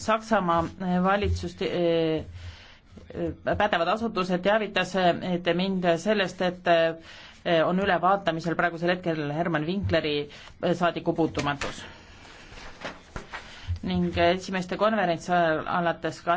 Saksamaa valitsus eh, eh, pädevad asutused teavitas et mind sellest, et eh, on ülevaatamisel praegusel hetkel Herman Winkleri saadikupuutumatus. ning esimeste konverentsi ajal alates ka